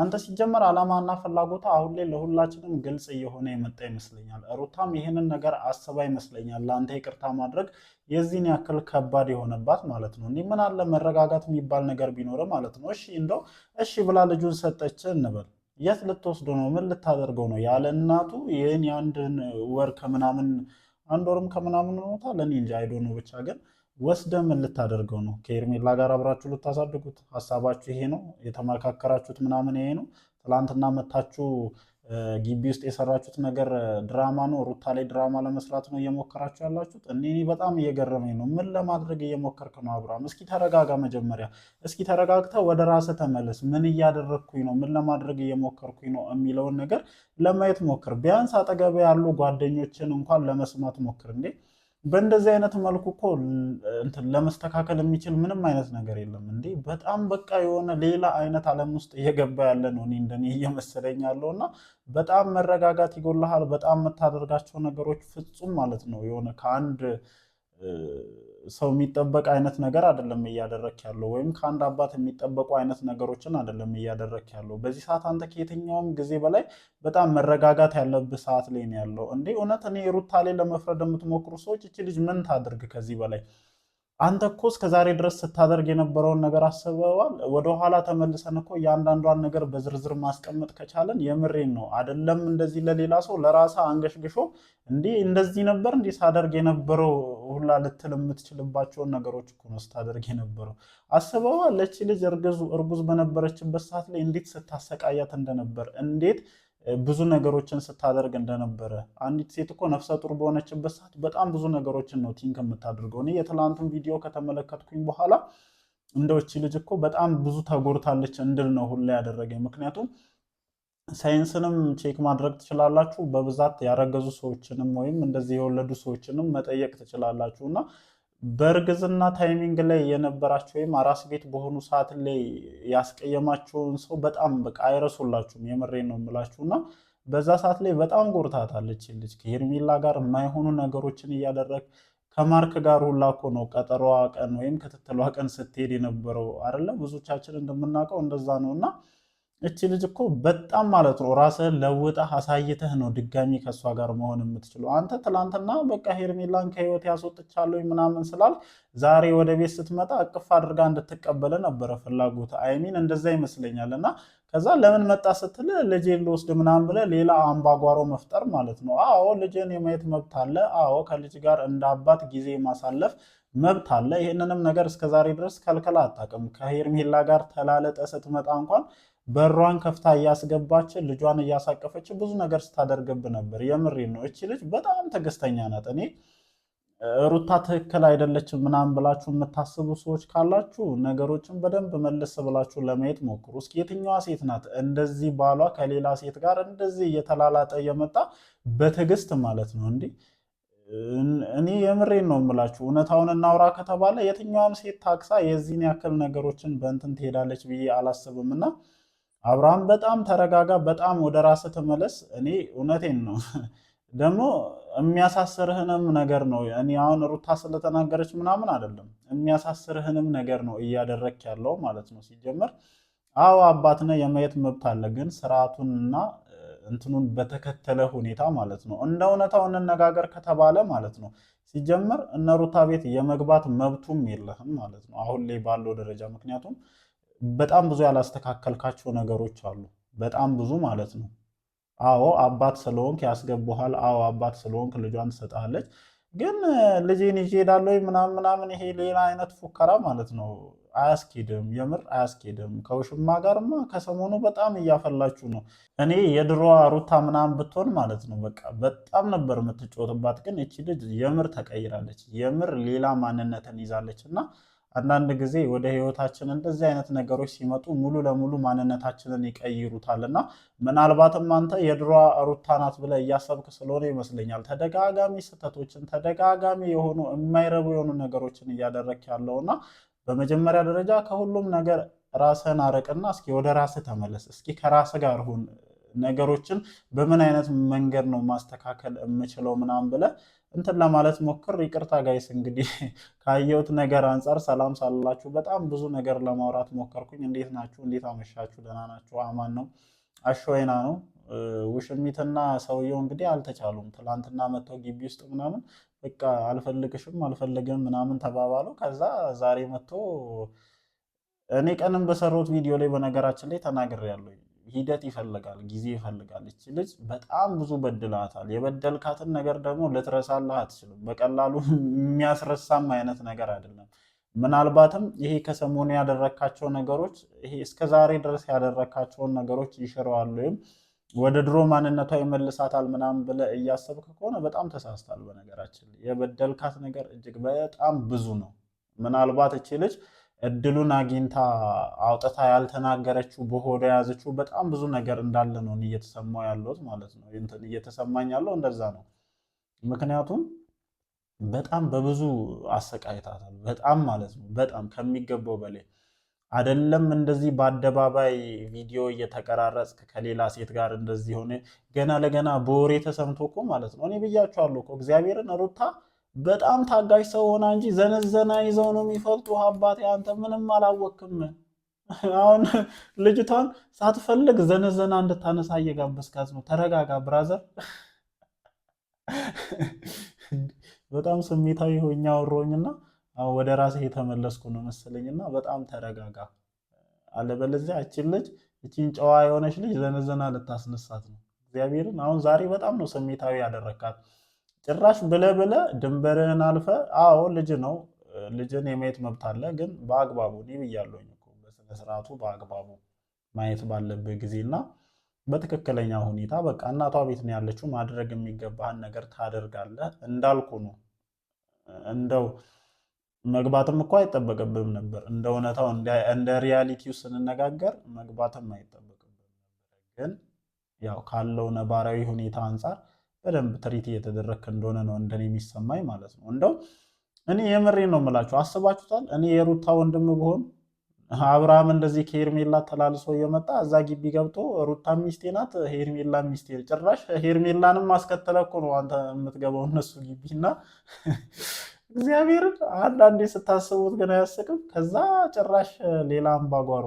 አንተ ሲጀመር እና ፍላጎታ አሁን ላይ ለሁላችንም ግልጽ እየሆነ የመጣ ይመስለኛል። ሩታም ይህንን ነገር አስባ ይመስለኛል ለአንተ ይቅርታ ማድረግ የዚህን ያክል ከባድ የሆነባት ማለት ነው። እንዲህ ምን አለ መረጋጋት የሚባል ነገር ቢኖር ማለት ነው። እሺ እንደው እሺ ብላ ልጁን ሰጠች እንበል የት ልትወስዶ ነው? ምን ልታደርገው ነው? ያለ እናቱ ይህን የአንድን ወር ከምናምን አንድ ወርም ከምናምን ሆኖታ ለእኔ እንጂ አይዶ ነው። ብቻ ግን ወስደ ምን ልታደርገው ነው? ከኤርሜላ ጋር አብራችሁ ልታሳድጉት ሀሳባችሁ ይሄ ነው? የተመካከራችሁት ምናምን ይሄ ነው? ትላንትና መታችሁ ግቢ ውስጥ የሰራችሁት ነገር ድራማ ነው? ሩታ ላይ ድራማ ለመስራት ነው እየሞከራችሁ ያላችሁት? እኔ በጣም እየገረመኝ ነው። ምን ለማድረግ እየሞከርክ ነው አብርሃም? እስኪ ተረጋጋ። መጀመሪያ እስኪ ተረጋግተ ወደ ራሰ ተመለስ። ምን እያደረግኩኝ ነው? ምን ለማድረግ እየሞከርኩኝ ነው የሚለውን ነገር ለማየት ሞክር። ቢያንስ አጠገብህ ያሉ ጓደኞችን እንኳን ለመስማት ሞክር እንዴ በእንደዚህ አይነት መልኩ እኮ ለመስተካከል የሚችል ምንም አይነት ነገር የለም። እንዲ በጣም በቃ የሆነ ሌላ አይነት ዓለም ውስጥ እየገባ ያለ ነው እኔ እንደኔ እየመሰለኝ ያለው እና በጣም መረጋጋት ይጎልሃል። በጣም የምታደርጋቸው ነገሮች ፍጹም ማለት ነው የሆነ ከአንድ ሰው የሚጠበቅ አይነት ነገር አይደለም እያደረክ ያለው ወይም ከአንድ አባት የሚጠበቁ አይነት ነገሮችን አይደለም እያደረክ ያለው። በዚህ ሰዓት አንተ ከየትኛውም ጊዜ በላይ በጣም መረጋጋት ያለብህ ሰዓት ላይ ነው ያለው። እንዴ እውነት እኔ ሩታ ላይ ለመፍረድ የምትሞክሩ ሰዎች እቺ ልጅ ምን ታድርግ ከዚህ በላይ አንተ እኮ እስከዛሬ ድረስ ስታደርግ የነበረውን ነገር አስበዋል። ወደኋላ ተመልሰን እኮ እያንዳንዷን ነገር በዝርዝር ማስቀመጥ ከቻለን የምሬን ነው አይደለም፣ እንደዚህ ለሌላ ሰው ለራሳ አንገሽግሾ እንዲህ እንደዚህ ነበር እንዲህ ሳደርግ የነበረው ሁላ ልትል የምትችልባቸውን ነገሮች እኮ ነው ስታደርግ የነበረው። አስበዋል። ለቺ ልጅ እርጉዝ በነበረችበት ሰዓት ላይ እንዴት ስታሰቃያት እንደነበር እንዴት ብዙ ነገሮችን ስታደርግ እንደነበረ አንዲት ሴት እኮ ነፍሰ ጡር በሆነችበት ሰዓት በጣም ብዙ ነገሮችን ነው ቲንክ የምታደርገው። እኔ የትላንቱን ቪዲዮ ከተመለከትኩኝ በኋላ እንደውቺ ልጅ እኮ በጣም ብዙ ተጎድታለች እንድል ነው ሁላ ያደረገኝ። ምክንያቱም ሳይንስንም ቼክ ማድረግ ትችላላችሁ፣ በብዛት ያረገዙ ሰዎችንም ወይም እንደዚህ የወለዱ ሰዎችንም መጠየቅ ትችላላችሁ እና በእርግዝና ታይሚንግ ላይ የነበራችሁ ወይም አራስ ቤት በሆኑ ሰዓት ላይ ያስቀየማችሁን ሰው በጣም በቃ አይረሱላችሁም። የምሬ ነው የምላችሁ እና በዛ ሰዓት ላይ በጣም ጎርታታለች ልጅ ከሄርሜላ ጋር የማይሆኑ ነገሮችን እያደረግ ከማርክ ጋር ሁላ እኮ ነው ቀጠሮዋ ቀን ወይም ክትትሏ ቀን ስትሄድ የነበረው አይደለ? ብዙቻችን እንደምናውቀው እንደዛ ነው እና እቺ ልጅ እኮ በጣም ማለት ነው ራስህን ለውጠህ አሳይተህ ነው ድጋሚ ከእሷ ጋር መሆን የምትችለው። አንተ ትላንትና በቃ ሄርሜላን ከህይወት ያስወጥቻለሁ ምናምን ስላል ዛሬ ወደ ቤት ስትመጣ እቅፍ አድርጋ እንድትቀበለ ነበረ ፍላጎት። አይሚን እንደዛ ይመስለኛል። እና ከዛ ለምን መጣ ስትል ልጄን ልወስድ ምናምን ብለህ ሌላ አምባጓሮ መፍጠር ማለት ነው። አዎ ልጅን የማየት መብት አለ። አዎ ከልጅ ጋር እንደ አባት ጊዜ ማሳለፍ መብት አለ። ይህንንም ነገር እስከዛሬ ድረስ ከልከላ አጣቅም ከሄርሜላ ጋር ተላለጠ ስትመጣ እንኳን በሯን ከፍታ እያስገባች ልጇን እያሳቀፈች ብዙ ነገር ስታደርግብ ነበር። የምሬን ነው። እቺ ልጅ በጣም ትዕግስተኛ ናት። እኔ ሩታ ትክክል አይደለችም ምናምን ብላችሁ የምታስቡ ሰዎች ካላችሁ ነገሮችን በደንብ መለስ ብላችሁ ለማየት ሞክሩ። እስኪ የትኛዋ ሴት ናት እንደዚህ ባሏ ከሌላ ሴት ጋር እንደዚህ እየተላላጠ እየመጣ በትዕግስት ማለት ነው እንዲህ እኔ የምሬን ነው የምላችሁ። እውነታውን እናውራ ከተባለ የትኛውም ሴት ታክሳ የዚህን ያክል ነገሮችን በእንትን ትሄዳለች ብዬ አላስብም። እና አብርሃም በጣም ተረጋጋ፣ በጣም ወደ ራስ ተመለስ። እኔ እውነቴን ነው ደግሞ የሚያሳስርህንም ነገር ነው። እኔ አሁን ሩታ ስለተናገረች ምናምን አይደለም፣ የሚያሳስርህንም ነገር ነው እያደረክ ያለው ማለት ነው። ሲጀመር አዎ አባት ነህ፣ የማየት መብት አለ። ግን ስርዓቱንና እንትኑን በተከተለ ሁኔታ ማለት ነው። እንደ እውነታው እንነጋገር ከተባለ ማለት ነው ሲጀመር እነ ሩታ ቤት የመግባት መብቱም የለህም ማለት ነው አሁን ላይ ባለው ደረጃ። ምክንያቱም በጣም ብዙ ያላስተካከልካቸው ነገሮች አሉ፣ በጣም ብዙ ማለት ነው። አዎ አባት ስለሆንክ ያስገቡሃል። አዎ አባት ስለሆንክ ልጇን ትሰጣለች። ግን ልጅን ይዤ እሄዳለሁ ምናምን ምናምን፣ ይሄ ሌላ አይነት ፉከራ ማለት ነው። አያስኬድም፣ የምር አያስኬድም። ከውሽማ ጋርማ ከሰሞኑ በጣም እያፈላችሁ ነው። እኔ የድሮዋ ሩታ ምናምን ብትሆን ማለት ነው በቃ በጣም ነበር የምትጮትባት። ግን እቺ ልጅ የምር ተቀይራለች፣ የምር ሌላ ማንነትን ይዛለች እና አንዳንድ ጊዜ ወደ ህይወታችን እንደዚህ አይነት ነገሮች ሲመጡ ሙሉ ለሙሉ ማንነታችንን ይቀይሩታል እና ምናልባትም አንተ የድሮ ሩታ ናት ብለህ እያሰብክ ስለሆነ ይመስለኛል ተደጋጋሚ ስህተቶችን ተደጋጋሚ የሆኑ የማይረቡ የሆኑ ነገሮችን እያደረክ ያለውና በመጀመሪያ ደረጃ ከሁሉም ነገር ራስህን አረቅና እስኪ ወደ ራስህ ተመለስ። እስኪ ከራስህ ጋር ሁን። ነገሮችን በምን አይነት መንገድ ነው ማስተካከል የምችለው ምናምን ብለህ እንትን ለማለት ሞክር። ይቅርታ ጋይስ እንግዲህ ካየሁት ነገር አንጻር ሰላም ሳላችሁ በጣም ብዙ ነገር ለማውራት ሞከርኩኝ። እንዴት ናችሁ? እንዴት አመሻችሁ? ደህና ናችሁ? አማን ነው አሸወይና ነው ውሽሚትና ሰውየው እንግዲህ አልተቻሉም። ትላንትና መጥተው ግቢ ውስጥ ምናምን በቃ አልፈልግሽም አልፈልግም ምናምን ተባባሉ። ከዛ ዛሬ መጥቶ እኔ ቀንም በሰሩት ቪዲዮ ላይ በነገራችን ላይ ተናግሬያለሁ። ሂደት ይፈልጋል፣ ጊዜ ይፈልጋል። እች ልጅ በጣም ብዙ በድላታል። የበደልካትን ነገር ደግሞ ልትረሳልህ አትችልም። በቀላሉ የሚያስረሳም አይነት ነገር አይደለም። ምናልባትም ይሄ ከሰሞኑ ያደረካቸው ነገሮች ይሄ እስከዛሬ ድረስ ያደረካቸውን ነገሮች ይሽረዋል ወይም ወደ ድሮ ማንነቷ ይመልሳታል ምናምን ብለህ እያሰብክ ከሆነ በጣም ተሳስታል። በነገራችን የበደልካት ነገር እጅግ በጣም ብዙ ነው። ምናልባት እቺ ልጅ እድሉን አግኝታ አውጥታ ያልተናገረችው በሆዶ የያዘችው በጣም ብዙ ነገር እንዳለ ነው እየተሰማው ያለሁት ማለት ነው። እየተሰማኝ ያለው እንደዛ ነው። ምክንያቱም በጣም በብዙ አሰቃይታታል። በጣም ማለት ነው። በጣም ከሚገባው በላይ አደለም እንደዚህ በአደባባይ ቪዲዮ እየተቀራረጽክ ከሌላ ሴት ጋር እንደዚህ ሆነ ገና ለገና በወሬ ተሰምቶ እኮ ማለት ነው። እኔ ብያቸዋለሁ እኮ እግዚአብሔርን ሩታ በጣም ታጋሽ ሰው ሆና እንጂ ዘነዘና ይዘው ነው የሚፈልጡ። አባቴ አንተ ምንም አላወክም። አሁን ልጅቷን ሳትፈልግ ዘነዘና እንድታነሳ እየጋበዝካት ነው። ተረጋጋ ብራዘር። በጣም ስሜታዊ ሆኛ አወራሁኝና አሁን ወደ ራሴ የተመለስኩ ነው መሰለኝና በጣም ተረጋጋ። አለበለዚያ እችን ልጅ እችን ጨዋ የሆነች ልጅ ዘነዘና ልታስነሳት ነው። እግዚአብሔርን አሁን ዛሬ በጣም ነው ስሜታዊ ያደረካት። ጭራሽ ብለ ብለ ድንበርህን አልፈ። አዎ ልጅ ነው፣ ልጅን የማየት መብት አለ፣ ግን በአግባቡ እኔ ብያለሁኝ በስነስርዓቱ በአግባቡ ማየት ባለብህ ጊዜና በትክክለኛ ሁኔታ በቃ እናቷ ቤት ነው ያለችው። ማድረግ የሚገባህን ነገር ታደርጋለህ። እንዳልኩ ነው እንደው መግባትም እኮ አይጠበቅብም ነበር። እንደ እውነታው እንደ ሪያሊቲው ስንነጋገር መግባትም አይጠበቅብም ነበር። ግን ያው ካለው ነባራዊ ሁኔታ አንጻር በደንብ ትሪት እየተደረግክ እንደሆነ ነው እንደኔ የሚሰማኝ ማለት ነው። እንደው እኔ የምሬ ነው የምላችሁ። አስባችሁታል? እኔ የሩታ ወንድም ብሆን አብርሃም እንደዚህ ከሄርሜላ ተላልሶ እየመጣ እዛ ግቢ ገብቶ ሩታ ሚስቴ ናት፣ ሄርሜላ ሚስቴ ጭራሽ ሄርሜላንም አስከተለ እኮ ነው አንተ የምትገባው እነሱ እና እግዚአብሔርን አንዳንዴ ስታስቡት ግን አያስቅም። ከዛ ጭራሽ ሌላ አምባጓሮ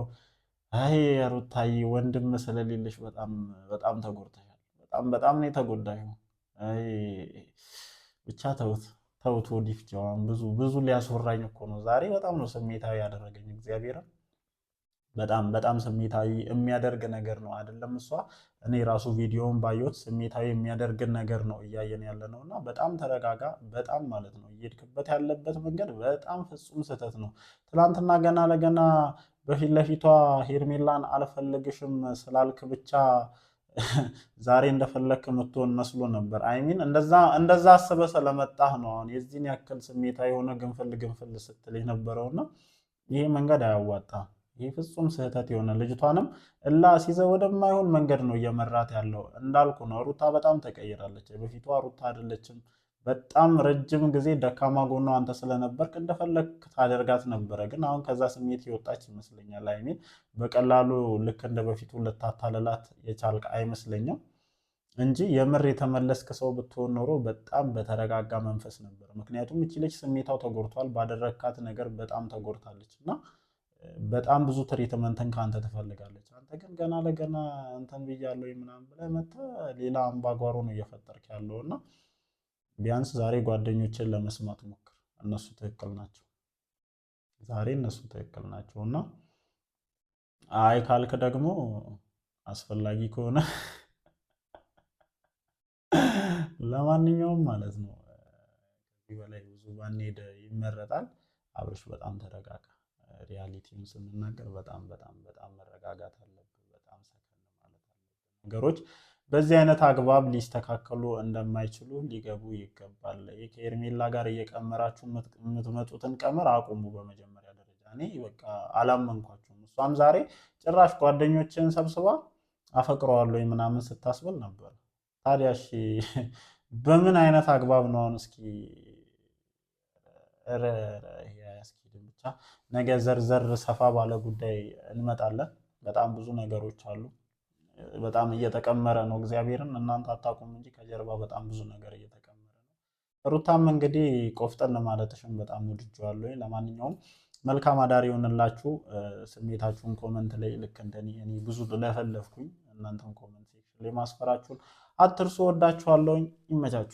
አይ ሩታዬ ወንድም ስለሌለሽ በጣም በጣም ተጎድተሻል። በጣም በጣም ነው የተጎዳሽ። ብቻ ተውት ተውት። ወዲፍ ጀዋን ብዙ ብዙ ሊያስወራኝ እኮ ነው ዛሬ። በጣም ነው ስሜታዊ ያደረገኝ እግዚአብሔርን በጣም በጣም ስሜታዊ የሚያደርግ ነገር ነው አይደለም። እሷ እኔ ራሱ ቪዲዮውን ባየሁት ስሜታዊ የሚያደርግን ነገር ነው እያየን ያለ ነው። እና በጣም ተረጋጋ፣ በጣም ማለት ነው እየሄድክበት ያለበት መንገድ በጣም ፍጹም ስህተት ነው። ትናንትና ገና ለገና በፊት ለፊቷ ሄርሜላን አልፈልግሽም ስላልክ ብቻ ዛሬ እንደፈለክ የምትሆን መስሎ ነበር። አይሚን እንደዛ አስበ ስለመጣህ ነው አሁን የዚህን ያክል ስሜታዊ የሆነ ግንፍል ግንፍል ስትል የነበረውና ይሄ መንገድ አያዋጣም። ይህ ፍጹም ስህተት የሆነ ልጅቷንም እላ ሲዘ ወደማይሆን መንገድ ነው እየመራት ያለው። እንዳልኩ ነው ሩታ በጣም ተቀይራለች። በፊቷ ሩታ አይደለችም። በጣም ረጅም ጊዜ ደካማ ጎኗ አንተ ስለነበርክ እንደፈለግ ታደርጋት ነበረ። ግን አሁን ከዛ ስሜት የወጣች ይመስለኛል። አይሚን በቀላሉ ልክ እንደ በፊቱ ልታታለላት የቻልክ አይመስለኝም እንጂ የምር የተመለስክ ሰው ብትሆን ኖሮ በጣም በተረጋጋ መንፈስ ነበር። ምክንያቱም ይቺ ልጅ ስሜታው ተጎድቷል። ባደረግካት ነገር በጣም ተጎድታለች እና በጣም ብዙ ትሪትመንትን ከአንተ ትፈልጋለች። አንተ ግን ገና ለገና እንትን ብያለሁ ምናምን ብለህ መተህ ሌላ አምባጓሮ ነው እየፈጠርክ ያለው እና ቢያንስ ዛሬ ጓደኞችን ለመስማት ሞክር። እነሱ ትክክል ናቸው፣ ዛሬ እነሱ ትክክል ናቸው እና አይ ካልክ ደግሞ አስፈላጊ ከሆነ ለማንኛውም ማለት ነው ከዚህ በላይ ብዙ ባንሄድ ይመረጣል። አብርሽ በጣም ተረጋጋ። ሪያሊቲውን ስንናገር በጣም በጣም በጣም መረጋጋት አለብን። በጣም ሰከን ማለት አለብን። ነገሮች በዚህ አይነት አግባብ ሊስተካከሉ እንደማይችሉ ሊገቡ ይገባል። ከኤርሜላ ጋር እየቀመራችሁ የምትመጡትን ቀመር አቁሙ። በመጀመሪያ ደረጃ እኔ በቃ አላመንኳችሁም። እሷም ዛሬ ጭራሽ ጓደኞችን ሰብስባ አፈቅረዋለሁ ምናምን ስታስብል ነበር። ታዲያ እሺ በምን አይነት አግባብ ነው አሁን እስኪ ነገ ዘርዘር ሰፋ ባለ ጉዳይ እንመጣለን። በጣም ብዙ ነገሮች አሉ። በጣም እየተቀመረ ነው። እግዚአብሔርን እናንተ አታውቁም እንጂ ከጀርባ በጣም ብዙ ነገር እየተቀመረ ነው። ሩታም እንግዲህ ቆፍጠን ማለትሽን በጣም ወድጄዋለሁ። ለማንኛውም መልካም አዳር ይሆንላችሁ። ስሜታችሁን ኮመንት ላይ ልክ እንደኔ እኔ ብዙ ለፈለፍኩኝ እናንተን ኮመንት ላይ ማስፈራችሁን አትርሱ። ወዳችኋለሁኝ። ይመቻችሁ።